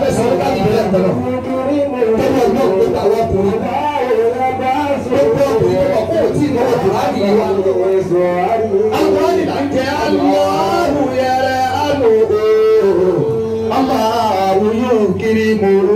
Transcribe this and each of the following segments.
mẹ́sàn-án ká nìyẹn lẹ́gbẹ̀ẹ́ náà tẹ́lẹ̀ náà ló gba àwọn ọkùnrin gbogbo ọkùnrin tó wà kó o tí ì lọ́wọ́ tó láàbì yìí wá. alùpàdé là ń jẹ alùpàdé yẹrẹ alùpàdé ọmọ àwùjọ kiri mòró.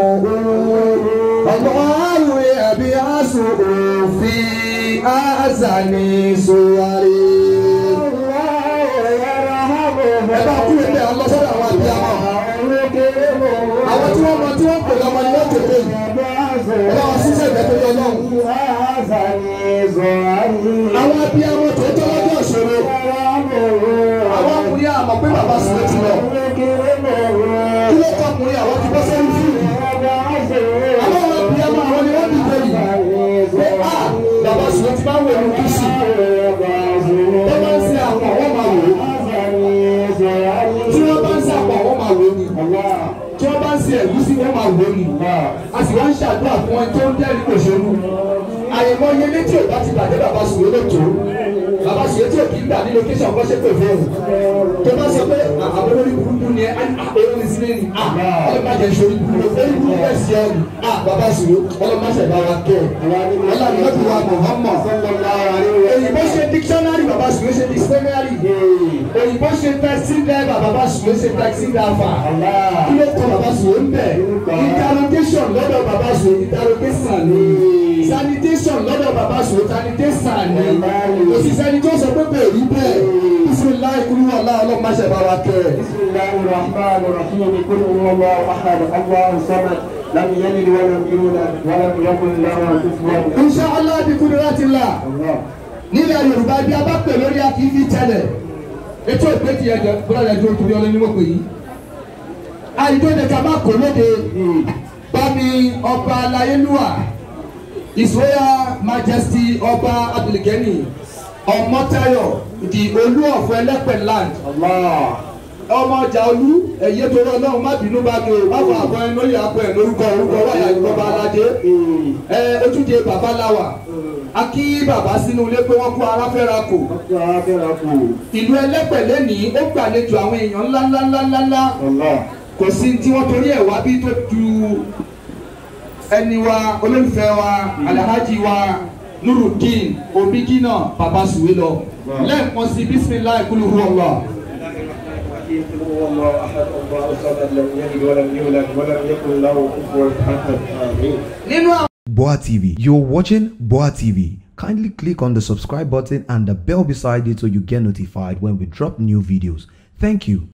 مؤون أضعاوي أبياس في أحسن صوري ẹ bá kú ẹgbẹ́ àwọn lọ́sọ̀rọ̀ àwọn àbí àwọn àwọn tí wọ́n mọ tí wọ́n pè lọ́mọ ni wọ́n tètè ẹ bá wọn ṣiṣẹ́ ìgbẹ́tọ́ yọ náà. àwọn àbí àwọn tó tọ́ lọ́jọ́ ìṣòro àwọn ọkùnrin àmọ̀ pé bàbá sílẹ̀ ti lọ kí ló kọ́ ọkùnrin àwọn ti bọ́ sẹ́yìn fún un àwọn òbí ọmọ àwọn ni wọ́n ti tẹ̀ yìí pé a bàbá sùn ti máa ń wẹ̀ ní kùsì ó máa ń ṣe àwọn àwọn máa wò ó tí wọ́n bá ń ṣe àwọn àwọn máa wò ó ni tí wọ́n bá ń ṣe ẹ̀gúsí wọ́n máa wò ó ni a sì wá ń ṣàdúrà fún ẹ tó ń dẹ́rìn kò ṣe mú àyẹ̀mọ́ iye létí ò bá ti bàjẹ́ bàbá sùn lóòótọ́ bàbá sùn létí ò kì í gbà ní location kọ́ṣẹ́ pè fún òun tó bá sọ pé àbọ̀lórí burúkú ni ẹ lẹ́yìn ọlọ́mọdé sori olùkọ́ ẹ̀sìn ọ̀rùn bàbá sùrù ọlọ́mọdé bàbá kẹ́ ọlọ́mọdé wa Muhammad òyìnbó ṣe dictionary bàbá sùrù ṣe dictionary òyìnbó ṣe taxi driver bàbá sùrù ṣe taxi driver kí ló kọ bàbá sùrù ń bẹ̀ interrogation lọ́dọ̀ bàbá sùrù interrogation ni sanitation lọ́dọ̀ bàbá sùrù sanitation ni òṣìṣẹ́ ni tó sọ pé bẹ́ẹ̀ rí bẹ́ẹ̀ kúrú wà láà lọ́ máa ṣẹ̀bá wa kẹ́. bismillahir rahmanir rahim kúrú wọn wá wàhálà Allahu samad lam yalid wa lam yulad wa lam yakun lahu kufuwan. insha allah bi qudratillah nílẹ̀ yorùbá bí a bá pè lórí akífi tẹ́lẹ̀ ètò ìpètì ẹ̀jẹ̀ bọ́lá ẹ̀jẹ̀ òtún yọ lẹ́nu mọ̀pẹ́ yìí. àìdóde ká má kó lóde bámi ọba aláyélúwà His Royal Majesty ọba Abdulgani Ọmọ́táyọ̀ the olú of ẹlẹ́pẹ̀ land ọmọ ọjà olú ẹ̀yẹ torí ọlọ́run má bínú bá mi o má fọ àbọ̀ ẹnu yà àbọ̀ ẹnu orúkọ orúkọ wáyà ìjọba aládé ẹ ojúde bàbá làwà a bàbá sínú ilé pé wọ́n kó ara fẹ́ra ìlú ẹlẹ́pẹ̀ lẹ́nìí ó gbàlejò àwọn èèyàn ńláńláńláńlá kò sí tí wọ́n torí ẹ̀ wá bí tó ju ẹni wa olólùfẹ́ wa alhaji wa. nurudin baba suwe lẹ́ẹ̀kan sí bisimilayi kulu hu Boa TV. You're watching Boa TV. Kindly click on the subscribe button and the bell beside it so you get notified when we drop new videos. Thank you.